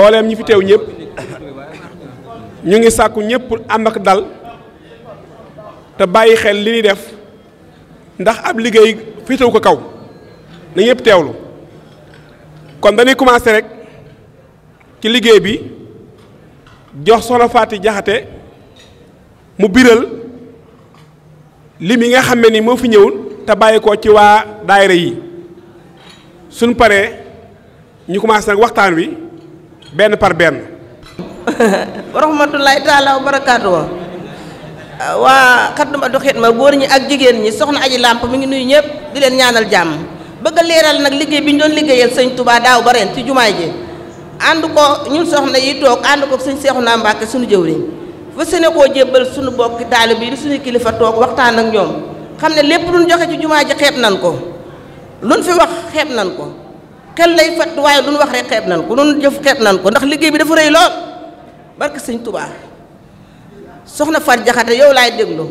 mbooleem ñi fi teew ñëpp ñu ngi sàkku ñëpp ànd ak dal te bàyyi xel li ñuy def ndax ab liggéey féetewu ko kaw na ñëpp teewlu kon dañuy commencé rek ci liggéey bi jox soxna Faati Jaxate mu biral lim yi nga xam ne ni moo fi ñëwul te bàyyi ko ci waa daayira yi suñ paree ñu commencé nag waxtaan wi benn par benn rahmatullahi taala wa barakaatu waa Xaddimatul Xidma góor ñi ak jigéen ñi soxna aji làmp mu ngi nuyu ñëpp di leen ñaanal jàmm bëgg a leeral nag liggéey bi ñu doon liggéeyal sëñ Touba daaw ba ren ci jumaa ji ànd ko ñun soxna yi toog ànd ko sëñ Seexuna Mbàkke suñu jëwriñ fa sene koo jébbal sunu bokki taalib yi suñu kilifa toog waxtaan ak ñoom xam ne lépp luñ joxe ci jumaa ji xeeb nan ko luñ fi wax xeeb nan ko xel lay fat waaye lu nu wax rek xeeb nan ko lu nu jëf xeeb nan ko ndax liggéey bi dafa rëy lool barke sëñ Tubaa soxna Fat Jaxate yow laay déglu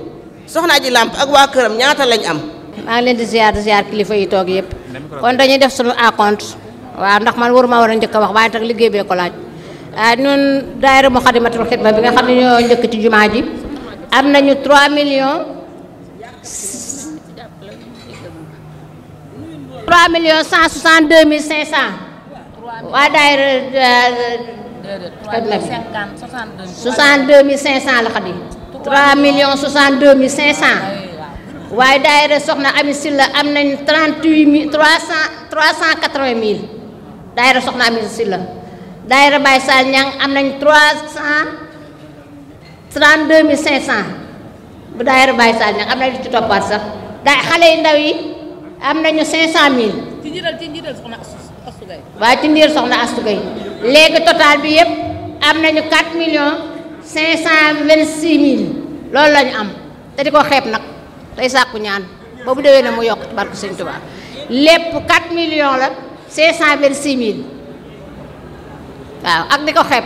soxnaa ji làmp ak waa këram ñaata lañ am. maa ngi leen di ziar di ziar kilifa yi toog yëpp kon dañuy def suñu compte waaw ndax man war waruma war a njëkk a wax waaye tax liggéey bee ko laaj ah ñun daayira Muxaddamatul Xidma bi nga xam ne ñoo njëkk ci jumaa ji am nañu 3 millions. 3 millions 162 mille 500 waa daayira soixante-deux mille cinq cent euh, la xadi 3 millions 62 mille 500 waaye daayira soxna Ami Silla am nañ 38 mille 300 380 mille daayira soxna Ami Silla daayira Baye Sall Ñang am nañ 332 mille 500 bu daayira Baye Sall Ñang am nañ lu ci toppaat sax daay xale yu ndaw yi am nañu 500000. ci njiital ci njiital soxna Astou soxna Astou léegi total bi yëpp am nañu 4 millions 526000 loolu la am te di ko xeeb nag tey sàkku ñaan ba bu déwee mu yokk ci barke Sëñ Tuubaa lépp 4 millions la 526000 waaw ak di ko xeeb.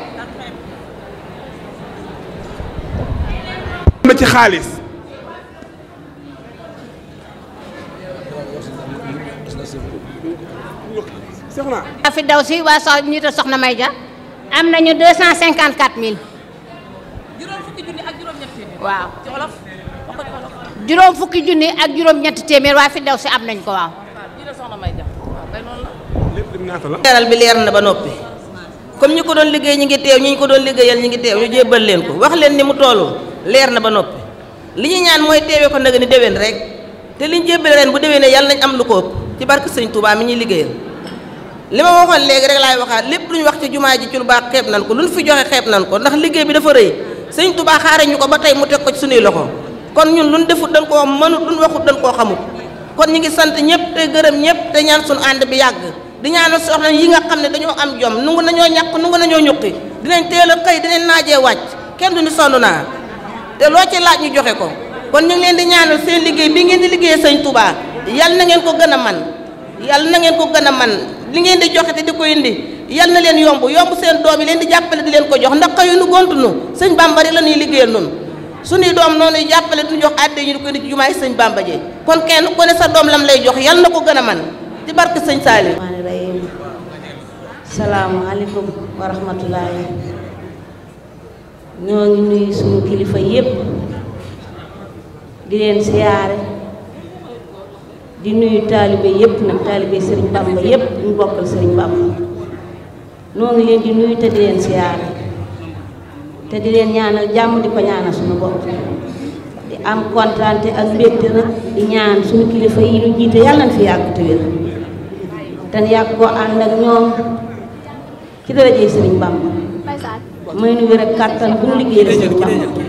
ma ci xaalis. Firdawsi waa so nit soxna May Dia am nañu deux cent cinquante quatre mille. juróom fukki junni ak juróom ñetti téeméer. waaw ci si juróom fukki junni ak juróom ñetti téeméer waa Firdawsi am nañ ko waaw. leeral bi leer na ba noppi comme ñu ko doon liggéey ñi ngi teew ñi ñu ko doon liggéeyal ñi ngi teew ñu jébbal leen ko wax leen ni mu toll leer na ba noppi li ñu ñaan mooy teewee ko nag ni déwén rek te li jébbal ren bu déwénee yàlla nañ am lu ko ëpp ci barke sëñ Touba mi ñuy liggéeyal. li ma waxoon léegi rek laay waxaat lépp lu ñu wax ci jumaa ji ci lu baax xeeb nan ko lu ñu fi joxe xeeb nan ko ndax liggéey bi dafa rëy sëñ Tuubaa xaare ñu ko ba tey mu teg ko ci suñuy loxo kon ñun lu ñu defut dañ koo mënut lu ñu waxut dañ koo xamut kon ñu ngi sant ñëpp te gërëm ñëpp te ñaan suñu ànd bi yàgg di ñaanal soxna yi nga xam ne dañoo am jom nungu nañoo ñàkk nungu nañoo ñuqi dinañ teel a xëy dinañ naajee wàcc kenn du ñu sonn naa te loo ci laaj ñu joxe ko kon ñu leen di ñaanal seen liggéey bi ngeen di liggéey sëñ Tuubaa yal na ngeen ko gën a man yal na ngeen ko gën a man li ngeen di joxe te di ko indi yal na leen yomb yomb seen doom yi leen di jàppale di leen ko jox ndax xëyu nu gontu nu sëñ Bamba la ñuy liggéeyal su suñuy doom noonu jàppale duñu jox àddee ñu di ko indi ci jumaay sëñ Bamba kon kenn ku ne sa doom lam lay jox yal na ko gën a man di barke sëñ Saliou salaamaaleykum wa rahmatulaahi ñoo ngi nuyu suñu kilifa yépp di leen siyaare di nuyu taalibe yépp nag taalibe sëriñ Bàmba yépp ñu bokkal sëriñ Bàmba noo leen di nuyu te di leen siyaare te di leen ñaanal jàmm di ko ñaanal suñu bopp di am kontaante ak mbégte di ñaan suñu kilifa yi ñu jiite yàlla na fi yàgg wér te yàgg koo ànd ak ñoom ci dara sëriñ Bàmba may nu wér ak kàttan bu ñu liggéey la sëriñ Bàmba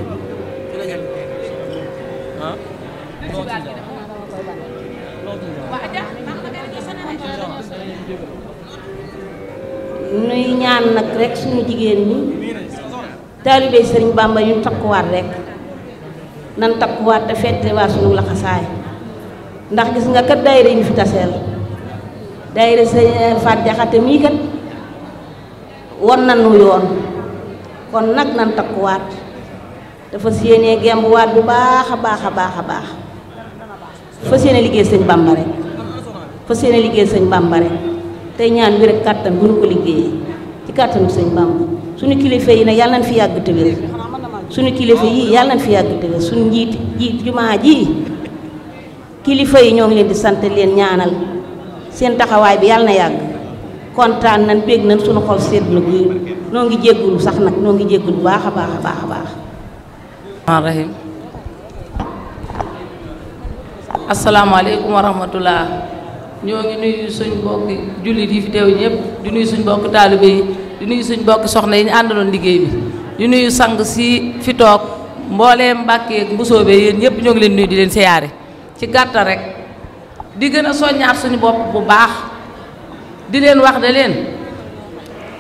ñaan nag rek suñu jigéen ñi taalibe sëriñ Bàmba ñu takkuwaat rek nan takkuwaat te fettewaat suñu laxasaay ndax gis nga kat daayira yi ñu fi taseel daayira sëñ Faat Jaxate mii kat won nanu yoon kon nag nan takkuwaat dafa si yéenee gembuwaat bu baax a baax a baax a baax fa séene liggéey sëñ Bàmba rek fa liggéey sëñ Bàmba rek tey ñaan bi rek kàttan bu ñu ko liggéeyee kàttanu sëñ Bamba suñu kilifa yi nag yàlla nañ fi yàgg te suñu kilifa yi yàlla nañ fi yàgg te suñu njiit jiit jumaa ji kilifa yi ñoo ngi leen di sant leen ñaanal seen taxawaay bi yàlla na yàgg kontaan nañ bég nañ suñu xol sedd na guy noo ngi jéggulu sax nag noo ngi jéggulu baax a baax a baax a baax rahim asalaamaaleykum wa rahmatullah ñoo ngi nuyu suñ mbokki jullit yi fi teew ñëpp di nuyu suñ mbokk taalibe yi di nuyu suñ mbokki soxna yi ñu àndaloon liggéey bi di nuyu sang si fi toog mboolee Mbàkke ak Mbusoobe yéen ñëpp ñoo ngi leen nuyu di leen siyaare ci gàttal rek di gën a soññaat suñu bopp bu baax di leen wax de leen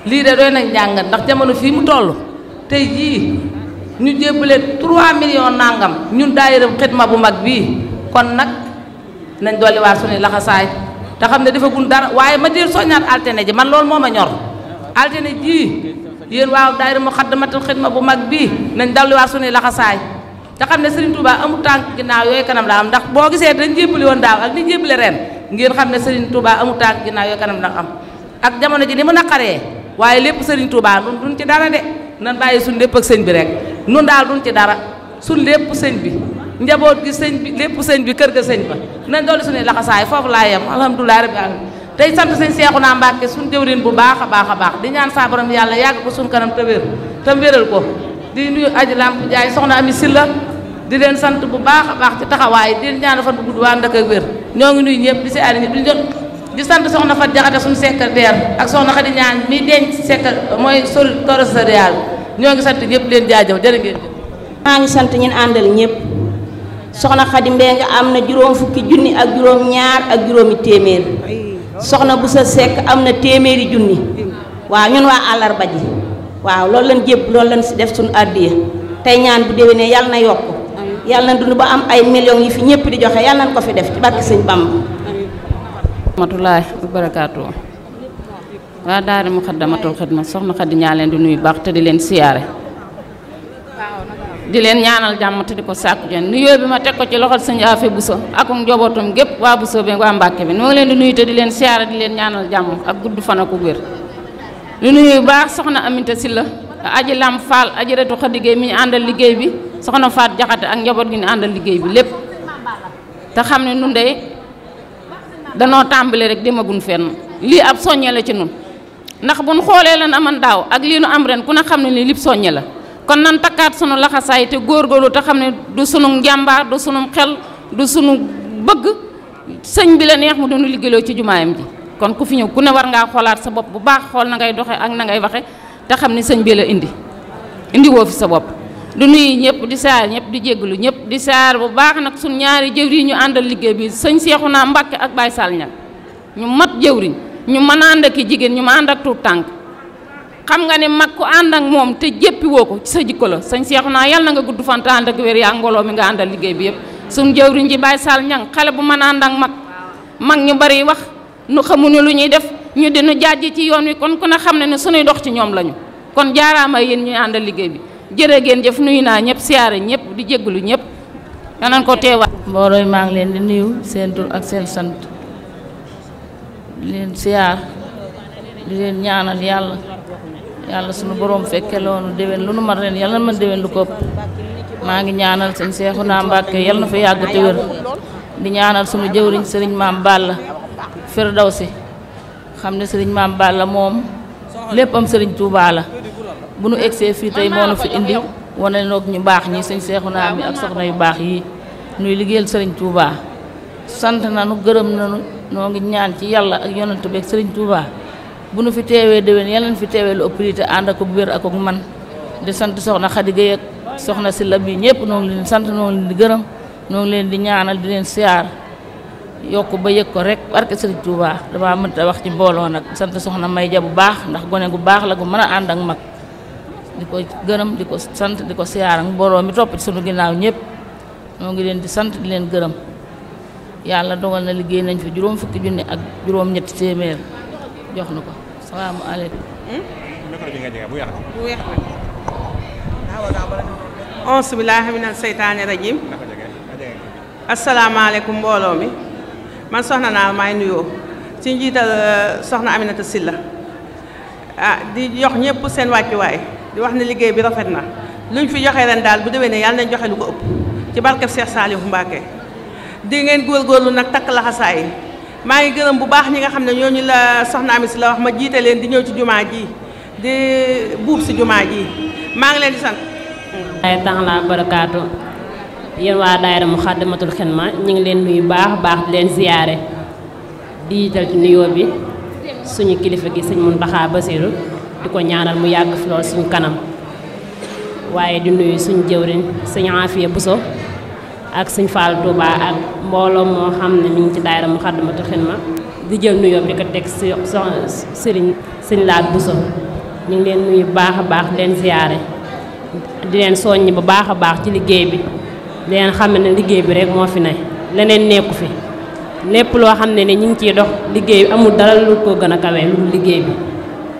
lii de doy nag njàngat ndax jamono fii mu toll tey jii ñu jébbale 3 millions nangam ñun daayiram ma bu mag bii kon nag nañ dolliwaat suñuy laxasaay te xam ne defagun dara waaye ma dir soññaat altine ji man loolu moo ma ñor altine ji yéen waaw ma daayira Muxaddamatul ma bu mag bii nañ dalliwaat suñuy laxasaay te xam ne Serigne Touba amul tànk ginnaaw yooyu kanam la am boo gisee dañ jébbali woon daaw ak ni jébbale ren ngeen xam ne Serigne Touba amul tànk ginnaaw kanam la am ak jamono ji ni mu naqaree waaye lépp Serigne Touba nun duñ ci dara de nan bàyyi suñ lépp ak sëñ bi rek nun daal duñ ci dara suñ lépp sëñ bi njaboot gi sëñ bi lépp sëñ bi kër ga sëñ ba nañ doolu suñu laxasaay foofu laa yem alhamdulilah rabbi alamin tey sant sëñ Seexuna Mbàkke suñ jëwriñ bu baax a baax baax di ñaan saa yàlla yàgg ko suñ kanam te te wéral ko di nuyu aji lamp jaay soxna ami silla di leen sant bu baax a baax ci taxawaay di ñaan fan bu gudd waa ndaka ñoo ngi nuyu ñëpp si àll ñëpp di jot di sant soxna Fat Jaxate suñu secrétaire ak soxna Xadi ñaan mi denc secrétaire mooy sol torosarial ñoo ngi sant ñëpp leen jaajoo jërë ngeen maa ngi sant ñun àndal ñëpp soxna Xadi Mbeng am na juróom fukki junni ak juróom ñaar ak juróomi téeméer soxna bu sa sekk am na téeméeri junni waaw ñun waa àllarba ji waaw lool lañ jépp loolu lañ si def suñu àddiya tey ñaan bu déwénee yàlla na yokk yàlla na dund ba am ay millions yi fi ñëpp di joxe yàlla nañ ko fi def ci barke sëñ Bàmb rahmatullaahi wa barakaatu waa daara Muxaddamatul Xidma soxna Xadi ñaa leen di nuyu baax te di leen siyaare di leen ñaanal jàmm te di ko sàkku jen nuyoo bi ma teg ko ci loxol sëñ Afe Buso ak um njobootum gépp waa Buso bi waa Mbàkke bi noo leen di nuyu te di leen siyaara di leen ñaanal jàmm ak gudd fan ak wér lu nuyu baax soxna Aminta Silla aji Lam Fall aji retu Xadigéey mi ñu àndal liggéey bi soxna Faat Jaxate ak njaboot gi ñu àndal liggéey bi lépp te xam ne nu dey danoo tàmbale rek demagun fenn lii ab soññe la ci nun ndax buñ xoolee lan aman ak lii nu am ren ku ne xam ne ni lépp soññe la kon nan takkaat sunu laxasaay te góor góorgóorlu te xam ne du sunu njàmbaar du sunu xel du suñu bëgg sëñ bi la neex mu doon liggéeyloo ci jumaayam ji kon ku fi ñëw ku ne war ngaa xoolaat sa bopp bu baax xool na ngay doxe ak na ngay waxe te xam ne sëñ bi la indi indi woo fi sa bopp du nuy ñëpp di saar ñëpp di jégalu ñëpp di saar bu baax nag suñ ñaari jëwriñ ñu àndal liggéey bi sëñ naa Mbàkke ak Baay Sall ñag ñu mat jëwriñ ñu mën a ànd jigéen ñu ma ànd ak tuut tànk xam nga ne mag ku ànd ak moom te jéppi ko sa jikko la sëñ seexu naa yàlla na nga gudd fanta te ànd ak wér yaa mbooloo mi nga àndal liggéey bi yëpp suñ jëwriñ ji bàyyi saal ñang xale bu mën ànd ak mag mag ñu bari wax nu xamuñu lu ñuy def ñu di nu jaaj ci yoon wi kon ku ne xam ne ne suñuy dox ci ñoom lañu kon jaaraama yéen ñuy àndal liggéey bi jërë ngeen jëf nuyu naa ñëpp siyaare ñëpp di jéggalu ñëpp danañ ko teewaat. mbooloo maa ngi leen di nuyu seen ak seen sant di leen siyaar yàlla sunu borom fekke loonu déwén lu nu mar ren yàlla na man déwén lu ko maa ngi ñaanal sëñ Seexuna Mbàkke yàlla na fa yàgg te wér di ñaanal sunu jëwriñ sëriñ maam la Balla si xam ne sëriñ maam baal la moom lépp am sëriñ Touba la bu nu egsee fii tey moo nu fi indi wane noog ñu baax ñi sëñ Seexuna mi ak soxna yu baax yi nuy liggéeyal sëriñ Touba bu nu fi teewee déwén yal nañ fi teewee lu ëpp lii ànd ak wér ak man di sant soxna Xadi Gueye ak soxna Sylla bi ñëpp noo ngi leen sant noo ngi leen di gërëm noo ngi leen di ñaanal di leen siyaar yokk ba yëg ko rek barke Sëriñ Tuubaa damaa mënta wax ci mbooloo nag sant soxna May bu baax ndax gone gu baax la gu mën a ànd ak mag di ko gërëm di ko sant di ko siyaar mbooloo mi topp ci ginnaaw ñëpp noo ngi leen di sant leen gërëm yàlla dogal na liggéey nañ fi juróom fukki junni ak juróom ñetti téeméer jox na ko salaamaaleykum. micro bi nga jege bu yàq. bu weex la. auzu billaahi mina seytaani rajiim. asalaamaaleykum mbooloo mi man soxna naa maay nuyoo ci njiital eh, soxna Aminata Silla ah di jox ñëpp seen wàccuwaay di wax na liggéey bi rafet na luñ fi joxe ren daal bu ne yàlla nañ joxe lu ko ëpp ci barkeb Seex Saalihu Mbàkke di ngeen góorgóorlu nag takk laxasaay maa ngi gërëm bu baax ñi nga xam ne ñooñu la soxna Ami si la wax ma jiite leen di ñëw ci jumaa ji di buub si jumaa ji maa ngi leen di sant. ay tax la barakaatu yéen waa daayira mu xaddamatul xidma ñu ngi leen nuyu baax baax leen ziyaare di jiital ci nuyoo bi suñu kilifa gi sëñ Muntaxa Basiru di ko ñaanal mu yàgg fi suñu kanam waaye di nuyu suñu jëwriñ sëñ Afiya Buso ak sëñ Fall Touba ak mbooloo moo xam ne ñu ngi ci daayira Moukhaddamatoul ma di jël nuyoo bi ko teg si yo sëriñ sëñ Laat Bousso ñu ngi leen nuyu baax a baax leen ziyaare di leen soññ bu baax a baax ci liggéey bi leen xam ne liggéey bi rek moo fi ne leneen nekku fi lépp loo xam ne ni ñu ngi ciy dox liggéey bi amul dara lu ko gën a kawee lu liggéey bi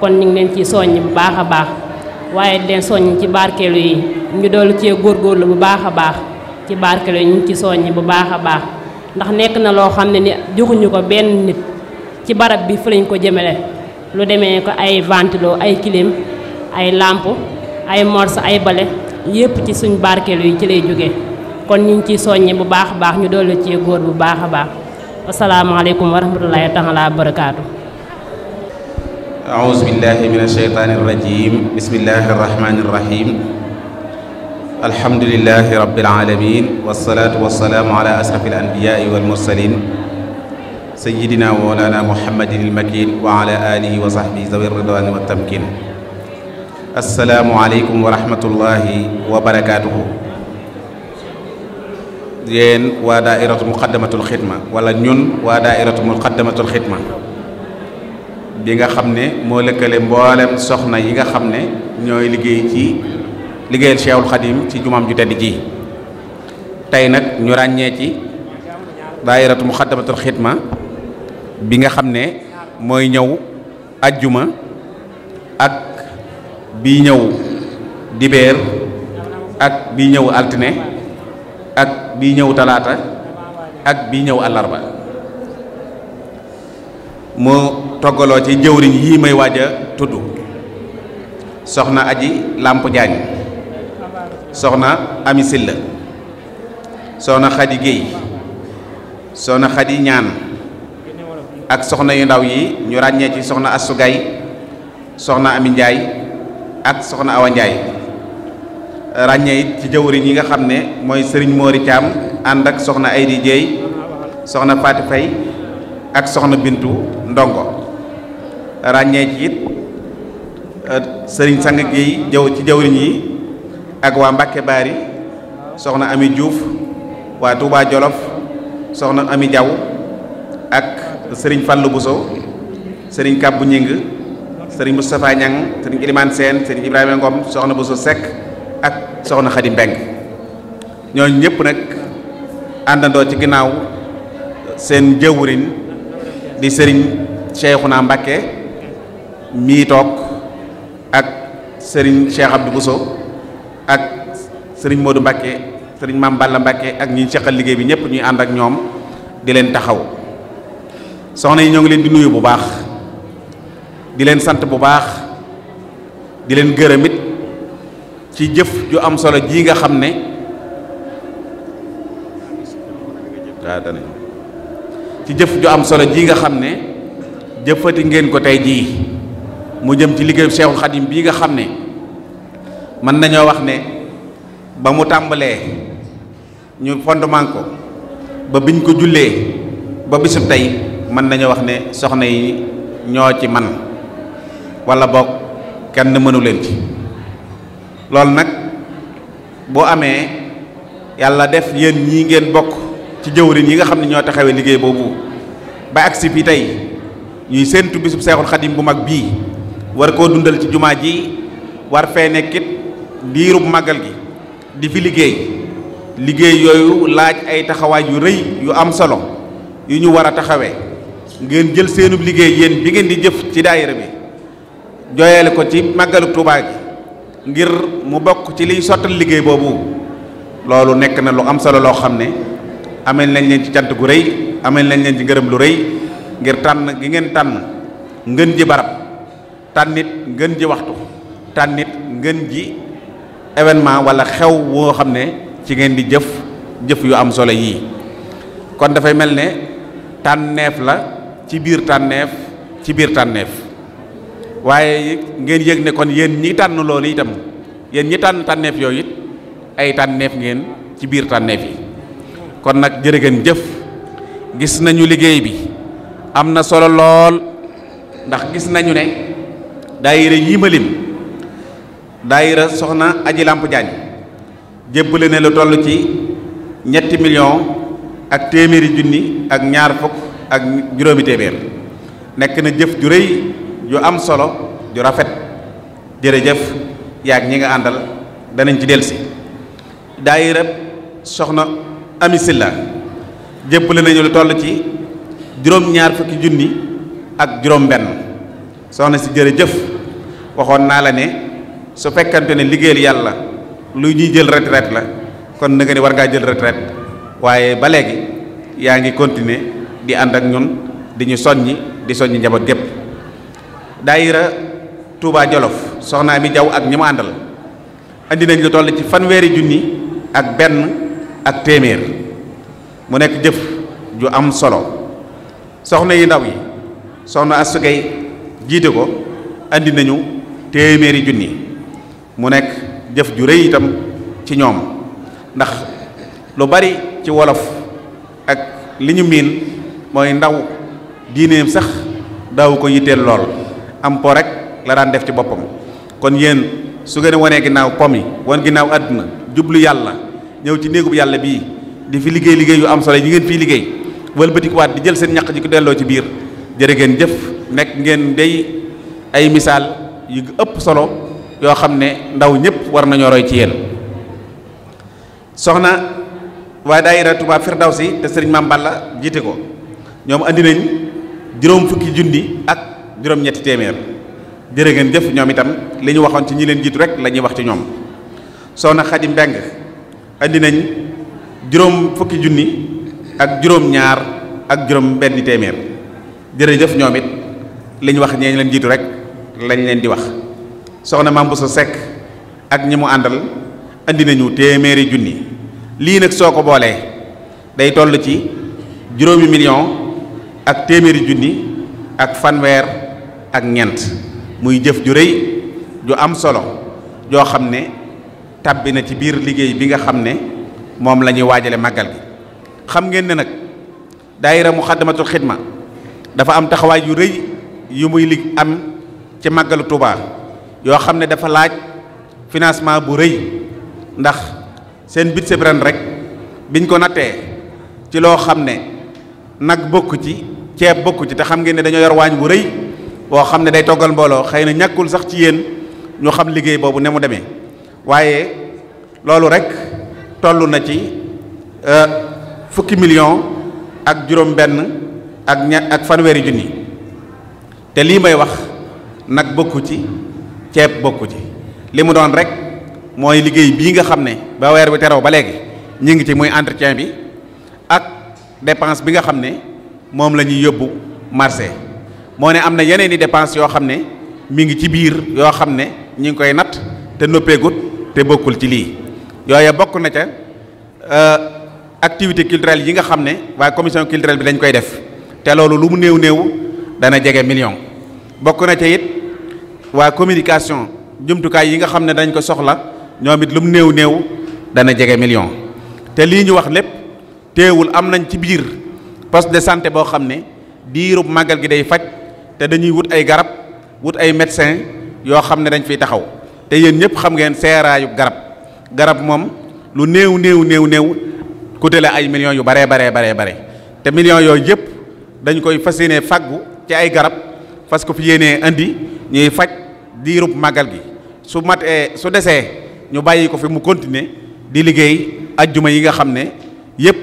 kon ñu ngi leen ciy soññ bu baax a baax waaye di leen soññ ci barkeelu yi ñu doolu cee góorgóorlu bu baax a baax ci barkelo ñu ci soññi bu baax a baax ndax nekk na loo xam ne ni joxuñu ko benn nit ci barab bi fa lañ ko jëmale lu demee ko ay ventilo ay clim ay làmp ay morse ay bale yépp ci suñ barkeelu yi ci lay jóge kon ñu ngi ciy soññi bu baax a baax ñu dolli ci góor bu baax a baax asalaamaaleykum wa rahmatulahi taala wa barakaatu aouzu billahi min asheytaani irrajim bismillahi arrahmani irrahim alhamdulilahi rabbil alamin wasalaatu wasalaamu ala asrafi al anbiyaai wal mursalin sayidina wa mawlana muhammadin almakin wa ala alihi wa sahbihi zawi ridwani wa tamkin asalaamualeykum wa rahmatullahi wa barakaatuhu yéen waa daairatu muqaddamatul xidma wala ñun waa daairatu muqaddamatul xidma bi nga xam ne moo lëkkale mboolem soxna yi nga xam ne ñooy liggéey ci liggéeyal Cheikhul Khadim ci jumaam ju tedd ji tey nag ñu ràññee ci daayiratu muxaddamatul xidma bi nga xam ne mooy ñëw ajjuma ak bi ñëw dibeer ak bi ñëw altine ak bi ñëw talaata ak bi ñëw àllarba mu toggaloo ci jëwriñ yii may waaja tudd soxna aji làmp jaañ soxna Ami Silla soxna Xadi Géey soxna Xadi Ñaan ak soxna yu ndaw yi ñu ràññee ci soxna Assu Gay soxna Ami Njaay ak soxna Awa Njaay ràññee it ci jëwriñ yi nga xam ne mooy sëriñ Moori Caam ànd ak soxna Aydi Jeey soxna Faati Fay ak soxna Bintu Ndongo ràññee it euh, sëriñ Sang Géey ci jëwriñ yi ak waa Mbàkke Baari soxna Ami juuf waa Touba Jolof soxna Ami Diaw ak sëriñ Fallou Bousso sëriñ Kabbu Ñing sëriñ Moustapha Ñang sëriñ Ilimane Sène sëriñ Ibrahima Ngom soxna Bousso Seck ak soxna Khady Mbeng ñooñu ñëpp nag àndandoo ci ginnaaw seen jëwriñ di sëriñ Cheikhouna Mbacké mii toog ak sëriñ Cheikh Abdou Bousso ak sëriñ Modou Mbacke sëriñ Mame Balla mbàkke ak ñi seqal liggéey bi ñëpp ñuy ànd ak ñoom di leen taxaw soxna yi ñoo ngi leen di nuyu bu baax di leen sant bu baax di leen gërëmit it ci jëf ju am solo ji nga xam ne ci jëf ju am solo ji nga xam ne jëfati ngeen ko tey jii mu jëm ci liggéeyu Seexul Xadim bii nga xam ne mën nañoo wax ne ba mu tàmbalee ñu fondement ko ba biñ ko jullee ba bisub tey mën nañoo wax ne soxna yi ñoo ci man wala boog kenn mënu leen ci loolu nag boo amee yàlla def yéen ñii ngeen bokk ci jëwriñ yi nga xam ne ñoo taxawee liggéey boobu ba agsi fii tey ñuy séentu bisub seexul xadim bu mag bii war koo dundal ci jumaa ji war fee nekkit diirub màggal gi di fi liggéey liggéey yooyu laaj ay taxawaay yu rëy yu am solo yu ñu war a taxawee ngeen jël seenub liggéey yéen bi ngeen di jëf ci daayira bi jooyale ko ci màggalu Tuubaa gi ngir mu bokk ci liy sottal liggéey boobu loolu nekk na lu am solo loo xam ne amel nañ leen ci cant gu rëy amel nañ leen ci gërëm lu rëy ngir tànn gi ngeen tànn ngën ji barab tànnit ngeen ji waxtu tànnit ngeen ji événement wala xew woo xam ne ci ngeen di jëf jëf yu am solo yii kon dafay mel ne tànneef la ci biir tànneef ci biir tànneef waaye ngeen yëg ne kon yéen ñi tànn loolu itam yéen ñi tànn tànneef yooyu it ay tànneef ngeen ci biir tànneef yi kon nag jërë ngeen jëf gis nañu liggéey bi am na solo lool ndax gis nañu ne daayira yi ma lim daayira soxna aji làmp jaañ jébbale ne lu toll ci ñetti million ak téeméeri junni ak ñaar fukk ak juróomi téeméer nekk na jëf ju rëy ju am solo ju rafet jërëjëf yaag ñi nga àndal danañ ci delsi daayira soxna ami silla jébbale nañu lu toll ci juróom-ñaar fukki junni ak juróom benn soxna si jërëjëf waxoon naa la ne su fekkante ne liggéeyal yàlla lu ñuy jël retraite la kon na nga war ngaa jël retraite waaye ba léegi yaa ngi continuer di ànd ak ñun di ñu soññi di soññi njaboot gépp daayira Touba Jolof soxnaa mi jaw ak ñi mu àndal andi nañ lu toll ci fanweeri junni ak benn ak téeméer mu nekk jëf ju am solo soxna yi ndaw yi soxna Asugay jiite ko andi nañu téeméeri junni mu nekk jëf ju rëy itam ci ñoom ndax lu bari ci wolof ak li ñu miin mooy ndaw diineem sax daaw ko yitteel lool am po rek la daan def ci boppam kon yéen su gën a wanee ginnaaw pom yi wan ginnaaw àdduna jublu yàlla ñëw ci néegub yàlla bii di fi liggéey liggéey yu am solo yi ngeen fii liggéey wëlbatikuwaat di jël seen ñaq ji ko delloo ci biir jërë ngeen jëf nekk ngeen day ay misaal yu ëpp solo yoo xam ne ndaw ñëpp war nañoo roy ci yéen soxna waaye daayira Touba Firdawsi te sëriñ Maam Balla jiite ko ñoom andi nañ juróom fukki junni ak juróom ñetti téeméer jërë ñoom itam li ñu waxoon ci ñi leen jiitu rek la ñuy wax ci ñoom soxna Xadi Mbeng andi nañ juróom fukki junni ak juróom ñaar ak juróom benn téeméer jërëjëf ñoom it li ñu wax ñee leen jiitu rek lañ leen di wax soxna Mame Bousso sekk ak ñi mu àndal andi nañu téeméeri junni lii nag soo ko boolee day toll ci juróomi million ak téeméeri junni ak fanweer ak ñeent muy jëf ju rëy ju am solo joo xam ne tàbbi na ci biir liggéey bi nga xam ne moom lañuy waajale màggal gi xam ngeen ne nag daayira Muxaddamatul Xidma dafa am taxawaay yu rëy yu muy lig am ci màggalu Tuubaa yoo xam ne dafa laaj financement bu rëy ndax seen budget bi ren rek biñ ko nattee ci loo xam ne nag bokk ci ceeb bokk ci te xam ngeen ne dañoo yor waañ bu rëy boo xam ne day toggal mbooloo xëy na ñàkkul sax ci yéen ñu xam liggéey boobu ne mu demee waaye loolu rek toll na ci euh, fukki million ak juróom-benn ak ña ak fanweeri junni te lii may wax nag bokku ci ceeb bokku ci li mu doon rek mooy liggéey bii nga xam ne ba weer bi teraw ba léegi ñu ngi ci muy entretien bi ak dépense bi nga xam ne moom la ñuy yóbbu marché moo ne am na yeneen i dépense yoo xam ne mi ngi ci biir yoo xam ne ñu ngi koy natt te noppeegut te bokkul ci lii yooye bokk na ca euh, activité culturelle yi nga xam ne waa commission culturelle bi dañ koy def te loolu lu mu néew néew dana jege million bokk na ca it waa communication jumtukaay yi nga xam ne dañ ko soxla ñoom it lu mu néew néew dana jege million te lii ñu wax lépp teewul am nañ ci biir poste de santé boo xam ne diirub màggal gi day faj te dañuy wut ay garab wut ay médecin yoo xam ne dañ fiy taxaw te yéen ñëpp xam ngeen seeraayu garab garab moom lu néew néew néew néew ku tele ay millions yu baree baree baree bare te million yooyu yëpp dañ koy fas yéenee fàggu ci ay garab fas ko fi yéenee andi ñuy faj diirub màggal gi su matee su desee ñu bàyyi ko fi mu continuer di liggéey ajjuma yi nga xam ne yëpp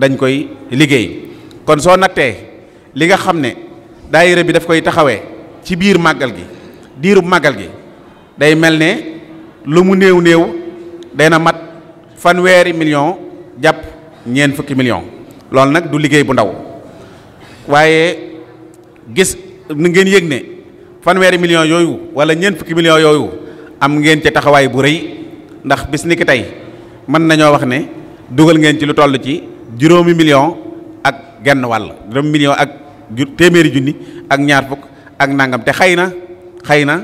dañ koy liggéey kon soo nattee li nga xam ne daayira bi daf koy taxawee ci biir màggal gi diirub màggal gi day mel ne lu mu néew néew na mat fanweeri million jàpp ñeent fukki million loolu nag du liggéey bu ndaw waaye gis na ngeen yëg ne fanweeri millions yooyu wala ñeent fukki millions yooyu am ngeen ci taxawaay bu rëy ndax bis ni ki tey mën nañoo wax ne dugal ngeen ci lu toll ci juróomi million ak genn wàll juróomi million ak ju téeméeri junni ak ñaar fukk ak nangam te xëy na xëy na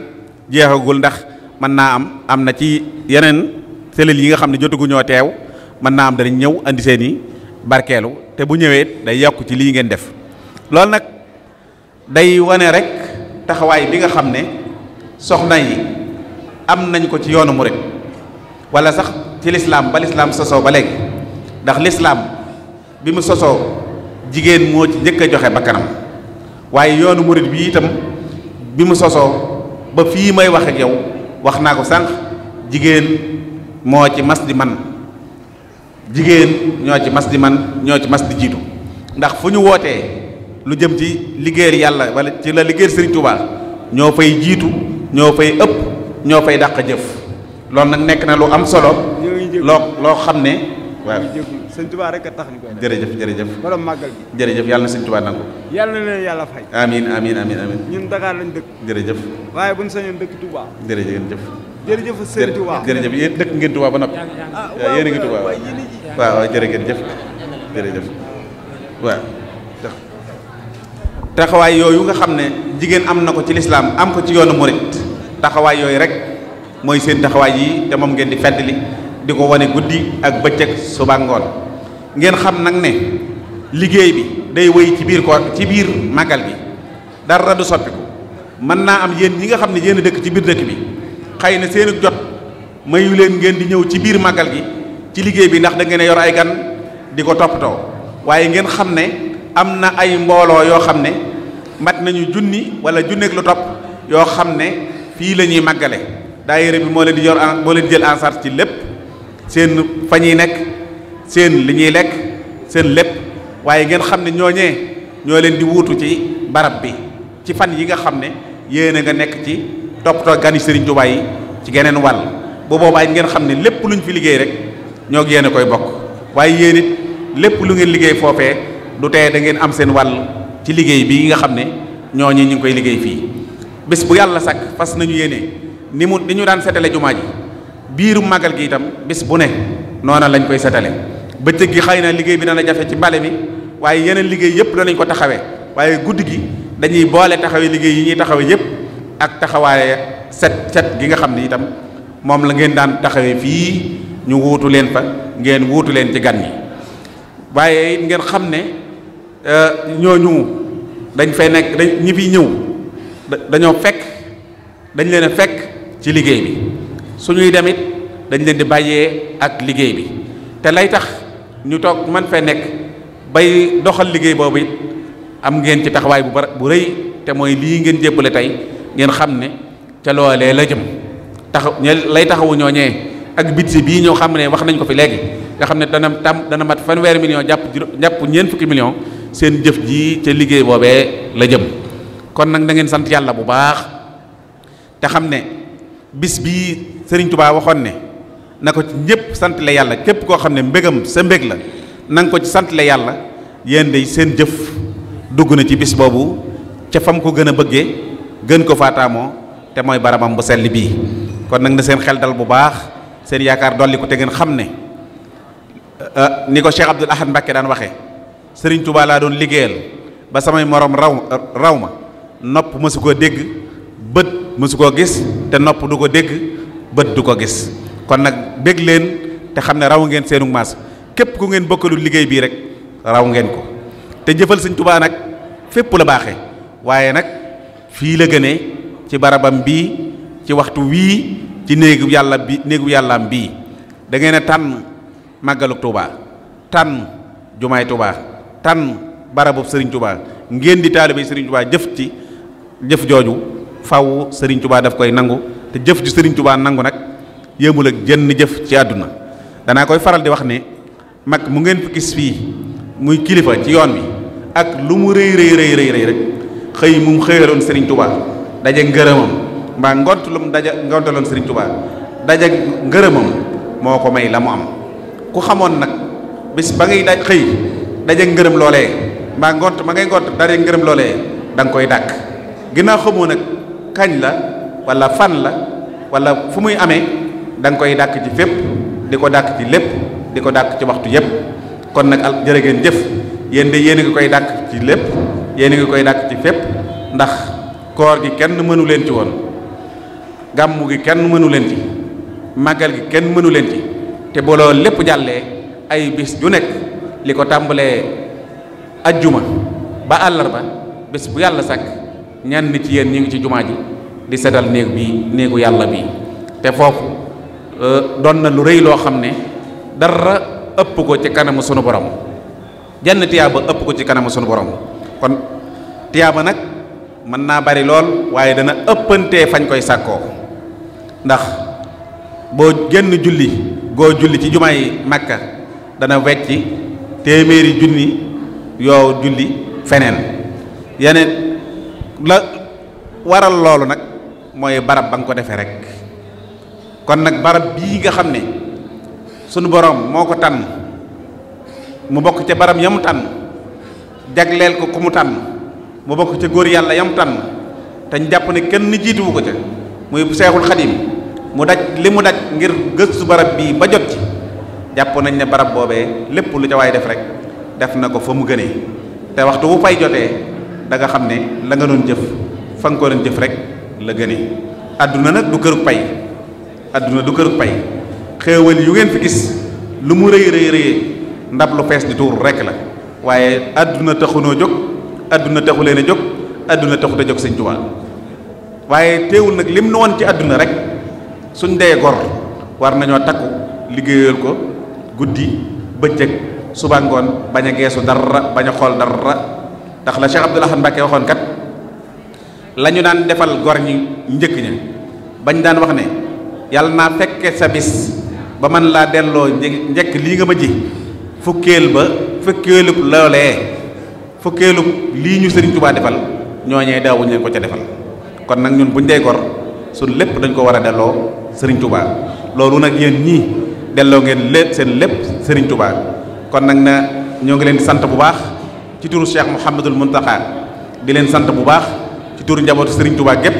jeexagul ndax mën naa am am na ci yeneen cellules yi nga xam ne jotagu ñoo teew mën naa am danañ ñëw andi seen barkeelu te bu ñëwee day yokku ci lii ngeen def loolu nag day wane rek. taxawaay bi nga xam ne soxna yi am nañ ko ci yoonu murit wala sax ci lislaam ba lislaam sosoo ba léegi ndax lislaam bi mu sosoo jigéen moo ci njëkk a joxe bakkanam waaye yoonu murit bi itam bi mu sosoo ba fii may waxe ak yow wax naa ko sànq jigéen moo ci mas di man jigéen ñoo ci mas di man ñoo ci mas di jiitu ndax fu ñu wootee lu jëm ci liggéeyal yàlla wala ci la liggéeyal Serigne Touba ñoo fay jiitu ñoo fay ëpp ñoo fay dàq jëf loolu nag nekk na lu am solo. loo loo xam ne. waaw sëñ Touba rek a tax ñu koy def jërëjëf jërëjëf. borom màggal gi jërëjëf yàlla na sëñ Touba na leen yàlla fay. amiin amiin amiin amiin. ñun Dakar lañ dëkk. jërëjëf. waaye bu ñu sañoon dëkk Touba. jërëjëf. jërëjëf sëñ Touba ngeen Touba ba noppi. ah waaw waaw yéen a ngi Touba waaw waaw jëf jërëjëf taxawaay yooyu nga xam ne jigéen am na ko ci lislaam am ko ci yoonu murit taxawaay yooyu rek mooy seen taxawaay yi te moom ngeen di fedd li di ko wane guddi ak bëccëg suba ngoon ngeen xam nag ne liggéey bi day woy ci biir koor ci biir màggal bi dara du soppiku mën naa am yéen ñi nga xam ne yéen a dëkk ci biir dëkk bi xëy na seen jot mayu leen ngeen di ñëw ci biir màggal gi ci liggéey bi ndax da ngeen yor ay gan di ko toppatoo waaye ngeen xam am na ay mbooloo yoo xam ne mat nañu junni wala junneeg lu topp yoo xam ne fii la ñuy màggale daayira bi moo leen di yor moo leen jël en charge ci lépp seen fa ñuy nekk seen li ñuy lekk seen lépp waaye ngeen xam ne ñooñee ñoo leen di wuutu ci barab bi ci fan yi nga xam ne yéen a nga nekk ci toppatoo gani Sëriñ Tuubaa yi ci geneen wàll bu boobaay ngeen xam ne lépp luñ fi liggéey rek ñoo yéen a koy bokk waaye yéen lépp lu ngeen liggéey foofee du tee da ngeen am seen wàll ci liggéey bii nga xam ne ñoo ñooñu ñu ngi koy liggéey fii bés bu yàlla sakk fas nañu yéene ni mu ni ñu daan setale jumaa ji biiru màggal gi itam bés bu ne noona lañ koy setale bëccëg gi xëy na liggéey bi dana jafe ci mbale mi waaye yeneen liggéey yëpp danañ ko taxawee waaye guddi gi dañuy boole taxawee liggéey yi ñuy taxawee yëpp ak taxawaaye set set gi nga xam ne itam moom la ngeen daan taxawee fii ñu wuutu leen fa ngeen wuutu leen ci gan ñi Euh, ñooñu dañ fay nekk dañ ñi fi ñëw dañoo fekk dañ leen a fekk ci liggéey bi ñuy demit dañ leen di bàyyee ak liggéey bi te lay tax ñu toog man fee nekk bay doxal liggéey boobu it am ngeen ci taxawaay bu bar bu rëy te mooy lii ngeen jébbale tey ngeen xam ne ca loolee la jëm taxaw lay taxawu ñooñee ak budget bii ñoo xam ne wax nañ ko fi léegi nga xam ne dana tam dana mat fanweeri million jàpp jàpp ñeen fukki million seen jëf ji ca liggéey boobee la jëm kon nag da ngeen sant yàlla bu baax te xam ne bis bii Serigne Touba waxoon ne na ko ci ñëpp sant la yàlla képp koo xam ne mbégam sa mbég la na ko ci sant la yàlla yéen de seen jëf dugg na ci bis boobu ca fam ko gën a bëggee gën ko faataamoo te mooy barabam bu sell bii kon nag na seen xel dal bu baax seen yaakaar dolli ko te ngeen xam ne euh, ni ko Cheikh Abdoul Ahad Mbacké daan waxee sëriñ Touba laa doon liggéeyal ba samay moroom raw raw ma nopp mësu koo dégg bët mësu koo gis te nopp du ko dégg bët du ko gis kon nag bég leen te xam ne raw ngeen seenu mas képp ku ngeen bokkalul liggéey bii rek raw ngeen ko te jëfal sëñ Touba nag fépp la baaxe waaye nag fii la gënee ci barabam bii ci waxtu wii ci néegu yàlla bi néegu yàllaam bii da ngeen a tànn màggalu tubaa tànn jumaay tubaa tànn barabu Serigne Touba ngeen di taalibe Serigne Touba jëf ci jëf jooju faw sëriñ tubaa daf koy nangu te jëf ci Serigne nangu nag yëmul ak jenn jëf ci àdduna danaa koy faral di wax ne mag mu ngeen gis fii muy kilifa ci yoon bi ak lu mu rëy rëy rëy rëy rek xëy mu xëyaloon Serigne Touba daje ngërëmam mbaa ngont lu mu daje ngontaloon Serigne Touba daje ngërëmam moo ko may la mu am ku xamoon nag bis ba ngay daj xëy. dajeeg ngërëm loolee mbaa ngont ma ngay ngont dajeeg ngërëm loolee da nga koy dàkk ginnaaw xamoo nag kañ la walla fan la walla fu muy amee danga koy dàkk ci fépp di ko dàkk ci lépp di ko dàkk ci waxtu yépp kon nag al jërë ngeen jëf yéen de yéen a ngi koy dàkk ci lépp yéen a ngi koy dàkk ci fépp ndax koor gi kenn mënu leen ci woon gàmmu gi kenn mënu leen ci màggal gi kenn mënu leen ci te booloo lépp jàllee ay bis ju nekk li ko tàmbalee ajjuma ba àllarba bés bu yàlla sàkk ñan nit yéen ñi ngi ci jumaa ji di setal néeg bi néegu yàlla bi te foofu euh, doon na lu rëy loo xam ne dara ëpp ko ci kanamu sunu borom jenn tiyaaba ëpp ko ci kanamu sunu borom kon tiyaaba nag mën naa bari lool waaye dana ëppantee fañ koy sàkkoo ndax boo génn julli goo julli ci jumaay Makka dana wecci téeméeri junni yow julli feneen yeneen la waral loolu nag mooy barab ba nga ko defee rek kon nag barab bii nga xam ne sunu boroom moo ko tànn mu bokk ca barab ya tànn jagleel ko ku mu tànn mu bokk ca góor yàlla ya tànn te ñu jàpp ne kenn jiituwu ko ca muy Seexul Xadiim mu daj li mu daj ngir gëstu barab bii ba jot ci jàpp nañ ne barab boobee lépp lu ca waay def rek def na ko fa mu gënee te waxtu wu fay jotee da nga xam ne la nga doon jëf fa nga ko doon jëf rek la gënee àdduna nag du kërug pay àdduna du kërug pay xéewal yu ngeen fi gis lu mu rëy rëy rëy ndab lu fees di tuur rek la waaye adduna taxunoo jóg àdduna taxu leen a jóg àdduna taxut a jóg sëñ Tuubaa waaye teewul nag lim nu woon ci àdduna rek suñ dee gor war nañoo takku liggéeyal ko guddi bëccëg suba ngoon bañ a geesu dara bañ a xool dara ndax la Cheikh Abdoul Ahad Mbacké waxoon kat la ñu daan defal gor ñi njëkk ña bañ daan wax ne yàlla naa fekke sa bis ba man laa delloo njëkk lii nga ma ji fukkeel ba fukkeelub loolee fukkeelub lii ñu Sëriñ Tuubaa defal ñooñee daawuñ leen ko ca defal kon nag ñun buñ dee gor suñ lépp dañ ko war a delloo Sëriñ Tuubaa loolu nag yéen ñii delloo ngeen lépp seen lépp Serigne Touba kon nag na ñoo ngi leen di sant bu baax ci turu Cheikh Mouhamadul Mountakha di leen sant bu baax ci turu njabootu Serigne Touba gépp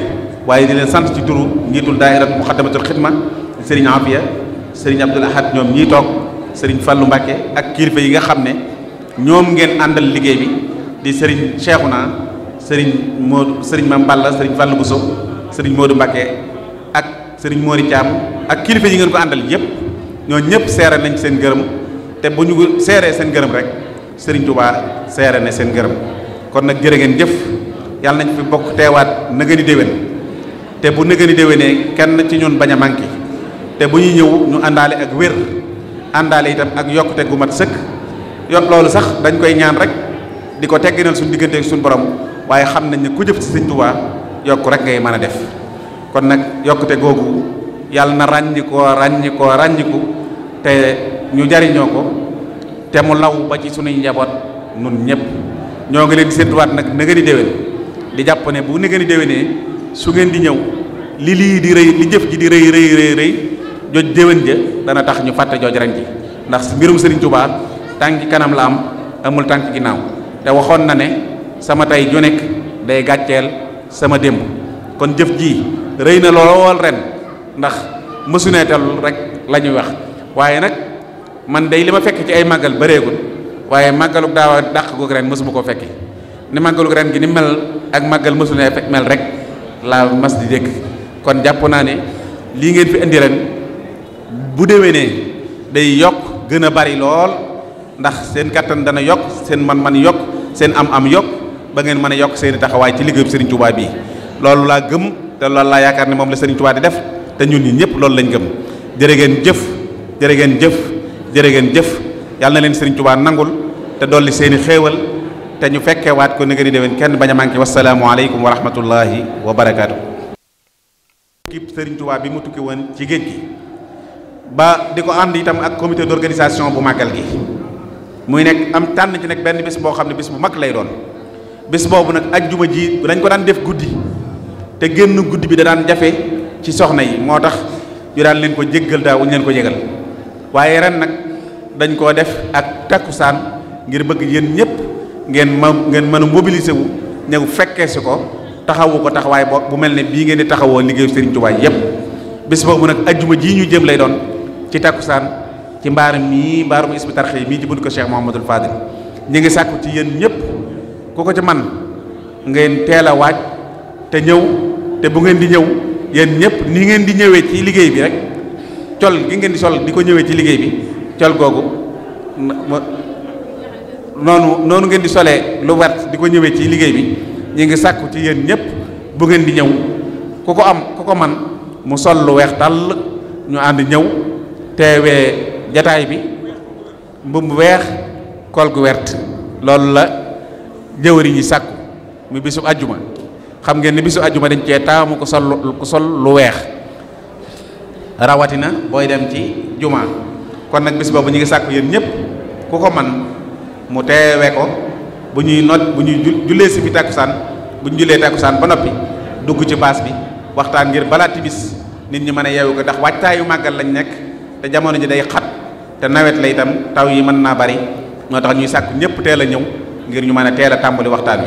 waaye di leen sant ci turu njiitul daayirat Muxaddamatul Xidma Serigne Afia Serigne Abdoul Ahad ñoom ñii toog Serigne Fallou Mbacke ak kilifa yi nga xam ne ñoom ngeen àndal liggéey bi di Serigne Cheikhouna Serigne Modou Serigne Mame Balla Serigne Fallou Bousso Serigne Modou Mbacke ak Serigne Mori Thiam ak kilifa yi ngeen ko àndal yëpp. ñoo ñëpp seere nañ seen gërëm te bu ñu seeree seen gërëm rek sëriñ Touba seere na seen gërëm kon nag jërëgeen jëf yàlla nañu fi bokk teewaat nëgëni déwén te bu nëgëni déwénee kenn ci ñun bañ a manqué te bu ñuy ñëw ñu àndaale ak wér àndaale itam ak yokkute gu mat sëkk yot loolu sax dañ koy ñaan rek di ko tegginal suñu diggante ak suñu borom waaye xam nañ ne ku jëf ci sëriñ Touba yokku rek ngay mën a def kon nag yokkute googu yàlla na ràññi koo ràññi te ñu jariñoo ko te mu law ba ci sunuy njaboot nun ñëpp ñoo ngi leen di sédduwaat nag na ngeen di déwén di jàpp ne bu na ngeen di déwénee su ngeen di ñëw li lii di rey li jëf ji di rëy rëy rëy rëy joj déwén ja dana tax ñu fàtte jooj ren ji ndax mbirum Sëriñ Tuubaa tànki kanam la am amul tànk ginnaaw te waxoon na ne sama tey ju nekk day gàcceel sama démb kon jëf ji rëy na lool ren ndax mësu neetal rek la ñuy wax waaye nag man day li ma fekk ci ay màggal bareegul waaye màggalug daawa dàq goog ren mësuma koo fekki ni màggalug ren gi ni mel ak màggal mësunee fekk mel rek la mas di dégg kon jàpp naa ne lii ngeen fi indi ren bu déwénee day yokk gën a bari lool ndax seen kattan dana yokk seen man-man yokk seen am-am yokk ba ngeen mën a yokk seeni taxawaay ci liggéeyub Serigne Touba bii loolu laa gëm te loolu laa yaakaar ne moom la Serigne Touba di def te ñun ñi ñëpp loolu lañ gëm jërë jëf jërë ngeen jëf jër ngeen jëf yàlla na leen sëriñ Tuubaa nangul te dolli seeni xéewal te ñu fekkee waat ko ni nga di déwén kenn bañ a manqué wasalaamu aleykum wa rahmatullahi wa barakaatu. équipe sëriñ Tuubaa bi mu tukki woon ci géej gi ba di ko ànd itam ak comité d'organisation bu màggal gi muy nekk am tànn ci nekk benn bis boo xam ne bis mu mag lay doon bis boobu nag ajjuma ji dañ ko daan def guddi te génn guddi bi da daan jafe ci soxna yi moo tax ñu daan leen ko jéggal daawuñu leen ko jégal waaye ren nag dañ koo def ak takkusaan ngir bëgg yéen ñëpp ngeen ma ngeen mën a mobiliser wu ñëw fekkee si ko taxawu ko taxawaay bo bu mel ne bii ngeen di taxawoo liggéeyu Serigne Touba yëpp bis boobu nag ajjuma jii ñu jëm lay doon ci takkusaan ci mbaar mii mbaarum isbi tarxe mii ci bunt ko Cheikh Mouhamadul Fadil ñu ngi sàkku ci yéen ñëpp ku ko ci man ngeen teel a waaj te ñëw te bu ngeen di ñëw yéen ñëpp ni ngeen di ñëwee ci liggéey bi rek col gi ngeen di sol di ko ñëwee ci liggéey bi col googu noonu noonu ngeen di solee lu wert di ko ñëwee ci liggéey bi ñu ngi sàkku ci yéen ñëpp bu ngeen di ñëw ku ko am ku ko man mu sol lu weex tàll ñu ànd ñëw teewee jataay bi mbubb weex kol gu wert loolu la jëwëri ñi sàkku mu bisu ajjuma xam ngeen ne bisu ajjuma dañ cee taamu ko sol sol lu weex rawatina booy dem ci jumaa kon nag bis boobu ñu ngi sàkku yéen ñëpp ku ko man mu teewe ko bu ñuy not bu ñuy jullee si bi tàkkusaan bu ñu jullee tàkkusaan ba noppi dugg ci baas bi waxtaan ngir balaa timis nit ñi mën a yeewu ko ndax waajtaayu màggal lañu nekk te jamono ji day xat te nawet la itam taw yi mën naa bari moo tax ñuy sàkku ñëpp teel a ñëw ngir ñu mën a teel a tàmbali waxtaan wi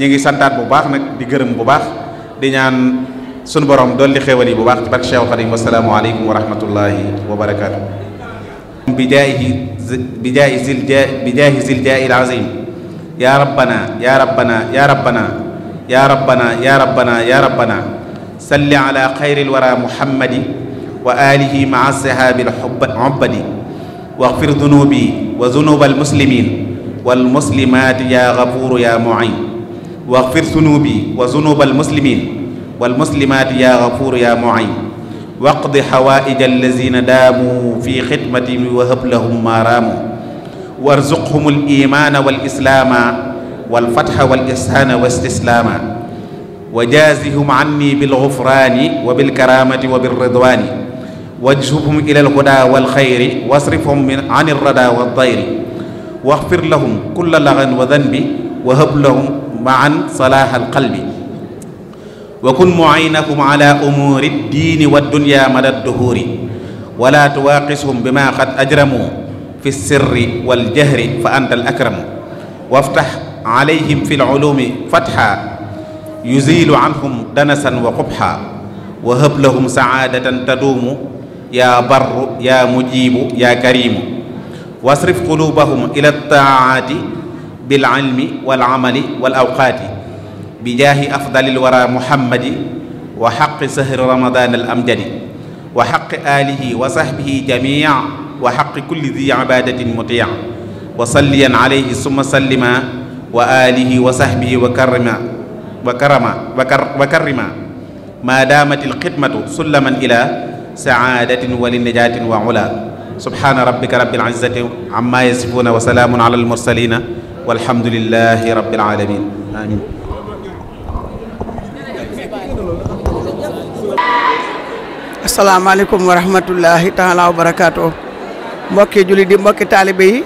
ñu ngi santaat bu baax nag di gërëm bu baax di ñaan sunu borom dolli xéewal yi bu baax ci barke Cheikh Xadim wasalaamu aleykum wa rahmatullahi wa barakaatu bi jaahi bi jaahi zil bi jaahi zil jaahil azim yaa rabbana yaa rabbana yaa rabbana yaa rabbana yaa rabbana yaa rabbana salli ala xayril wara muhammadi wa alihi maa sahaabil hubbadi واغفر ذنوبي وذنوب المسلمين والمسلمات يا غفور يا معين واغفر ذنوبي وذنوب المسلمين والمسلمات يا غفور يا معين واقض حوائج الذين داموا في خدمتي وهب لهم ما راموا وارزقهم الإيمان والإسلام والفتح والإحسان والاستسلام وجازهم عني بالغفران وبالكرامة وبالرضوان واجهبهم إلى الهدى والخير واصرفهم من عن الردى والضير واغفر لهم كل لغ وذنب وهب لهم معا صلاح القلب wa kun muaynakum ala umuuri diini wa dunya madad duhuuri wala tuwaaqishum bima qad ajramu fi sirri wal jahri fa anta al akramu waftax alayhim fi lulumi fatxa yuzilu anhum danasan wa qubxa wa hëb lahum sacaadatan taduumu yaa barru yaa mujiibu yaa kariimu wasrif quluubahum ila ltaaati bilcilmi walcamali wal awqaati bi jaahi afdalil wara muhammadi wa xaqi sahri ramadan al amjadi wa xaqi aalihi wa sahbihi jamia wa xaqi kulli di ibadatin mutia wa salliyan alayhi summa sallima wa aalihi wa sahbihi wa karima wa karama wa karima ma daamatil xidmatu sullaman ila saadatin wa linajaatin wa ula subhaana rabbika rabbil izzati amma yasifuuna wa salaamun ala almursalina walhamdulilahi rabbil alamin amin asalaamaaleykum wa rahmatullahi taala wa barakaatu mbokki jullit di mbokki taalibe yi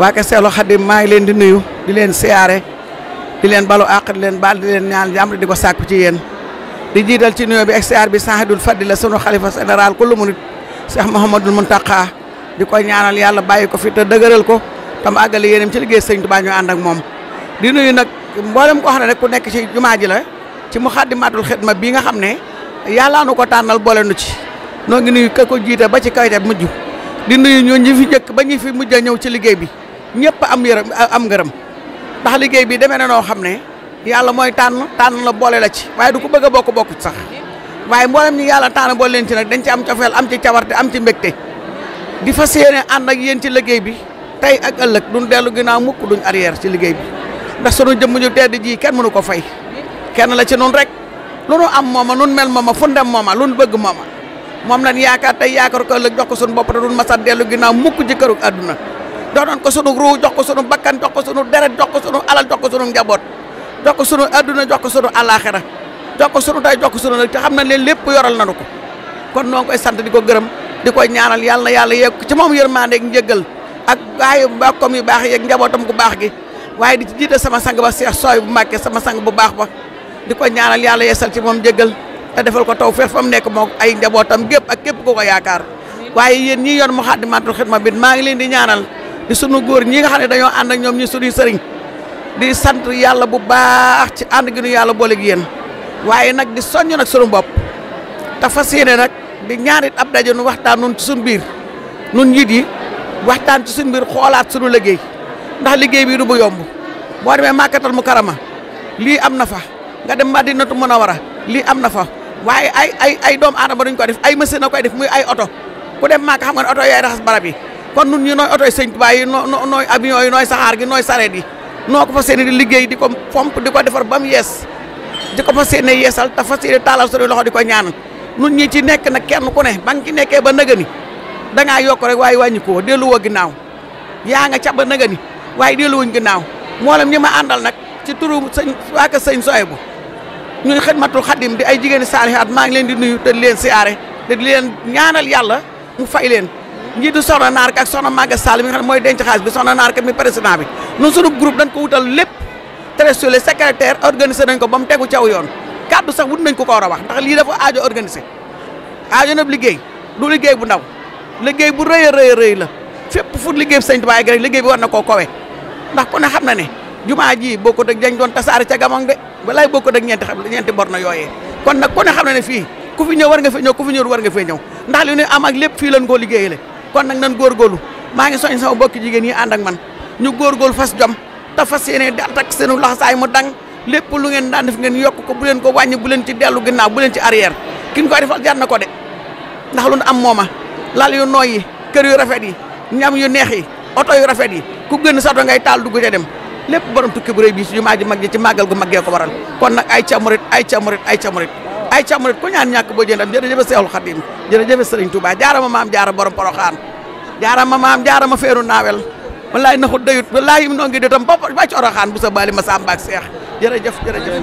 waa Kër Seexul Xadim maa ngi leen di nuyu di leen siyaare di leen balu àq di leen baal di leen ñaan jàmm di ko sàkku ci yeen di jiital ci nuyoo bi ak siyaar bi saahidul fadila sunu xalifa général kullu murit Cheikh Mouhamadul Muntaqa di ko ñaanal yàlla bàyyi ko fi te dëgëral ko tam àggale yéenam ci liggéey sëñ Tuubaa ñu moom di nuyu nag mboolem koo ko ne nekk ci jumaa ji la ci Muxaddamatul Xidma bii nga xam ne yàllaa nu ko tànnal boole nu ci noo ngi nuyu ka ko jiite ba ci kawite mujj di nuyu ñoo ñi fi njëkk ba ñu fi mujj a ñëw ci liggéey bi ñëpp am yërëm am ngërëm ndax liggéey bi demee na noo xam ne yàlla mooy tànn tànn la boole la ci waaye du ko bëgg a bokk bokku sax waaye mboolem ñi yàlla tànn boole leen ci nag dañ ci am cofeel am ci cawarte am ci mbégte di fa yéene ànd ak yéen ci liggéey bi tey ak ëllëg duñ dellu ginnaaw mukk duñ arrière ci liggéey bi ndax sunu jëmm ju tedd ji kenn mënu ko fay kenn la ci noonu rek lu nu am mooma nun mel mooma fu ndem mooma lu nu bëgg mooma moom lan yaakaar tey yaakaar ko ëllëg jox ko sunu bopp te duñ masa dellu ginnaaw mukk ci këru àdduna doonoon ko sunu ruu jox ko sunu bakkan jox ko sunu deret jox ko sunu alal jox ko sunu njaboot jox ko sunu àdduna jox ko sunu alaaxira jox ko sunu tey jox ko sunu nag te xam na leen lépp yoral nanu ko kon noo ngi koy sant di ko gërëm di koy ñaanal yàlla na yàlla yegg ci moom yërmande ak njëggal ak waayu mbokkom yu baax yeeg njabootam gu baax gi waaye di ci jiite sama sang ba Seex Sooy bu Mbàkke sama sang bu baax ba di ko ñaanal yàlla yeesal ci moom jéggal te defal ko taw feex fa mu nekk moom ay njabootam gépp ak képp ko ko yaakaar waaye yéen ñii yoon Moukhaddamatoul Khidma bi maa ngi leen di ñaanal di sunu góor ñi nga xam ne dañoo ànd ak ñoom ñu sunuy sëriñ di sant yàlla bu baax ci ànd gi nu yàlla booleeg yéen waaye nag di soññ nag sunu bopp te fas yéene nag di ñaanit ab daje nu waxtaan nun ci suñu biir nun njiit yi waxtaan ci suñu biir xoolaat sunu liggéey ndax liggéey bii du yomb boo demee màkkatal mu karama lii am na fa nga dem a Munawara lii am na fa waaye ay ay ay doomu aadama duñ ko def ay machine na koy def muy ay oto ku dem Màkka xam nga ne oto yaay raxas barab yi kon nun ñi nooy oto yi Sëñ Tuubaa yi noo nooy avion yi nooy saxaar gi nooy sareet yi noo ko fas yéene di liggéey di ko pomp di ko defar ba mu yees di ko fas yéene yeesal te fa yéene taalal suñu loxo di ko ñaanal nun ñi ci nekk nag kenn ku ne ba nga ci nekkee ba nëga ni dangaa yokk rek waaye wàññi koo delluwoo ginnaaw yaa nga ca ba nëga ni waaye delluwuñ ginnaaw moo lam ñi ma àndal nag ci turu sëñ waa ka sëñ Soyebu ñuy xidmatul xadim di ay jigéeni saalihaat maa ngi leen di nuyu te leen siyaare te leen ñaanal yàlla mu fay leen njiitu soxna naar ak soxna Maga Sall mi nga xam mooy denc xaalis bi soxna naar mi président bi ñun sunu groupe dañ ko wutal lépp trésorier secrétaire organisé nañ ko ba mu tegu caw yoon kàddu sax wut nañ ko ko war a wax ndax lii dafa aajo organisé aajo nag liggéey du liggéey bu ndaw liggéey bu rëy a rëy la fépp fu liggéey bi sëñ Tuubaa rek liggéey bi na koo kowe ndax ku ne xam na ne jumaa ji bokkut ak dañ doon tasaare ca gamong de walaay bokkut ak ñeenti xam ñeenti bor na yooyee kon nag ku a xam na ne fii ku fi ñëw war nga fi ñëw ku fi ñëw war nga fee ñëw ndax li ñuy am ak lépp fii lañ koo liggéeyale kon nag nan ak man ñu góorgóorlu fas jom te fas yéene daal takk seenu laxasaay mu dang lépp lu ngeen daan def ngeen yokk ko bu leen ko leen ci dellu ginnaaw bu leen ci arrière kin ko defal na ko de ndax lu nu am mooma lal yu nooy yi kër yu rafet yi ñam yu neex yi oto yu rafet yi ku gën sato ngay taal dugg ca dem lépp borom tukki bu rëy bii si mag ji ci màggal gu maggee ko waral kon nag ay camurit ay camurit ay camurit ay camurit ku ñaan ñàkk boo jëndam jërëjëf Seexul Xadim jërëjëf Sëriñ Tuubaa jaarama maam jaara borom poroxaan jaarama maam jaarama feeru naawel wallaay naxu dayut wallaay im noo ngi di tam bopp ba coroxaan bu sa baali ma sàmbaak seex jërëjëf jërëjëf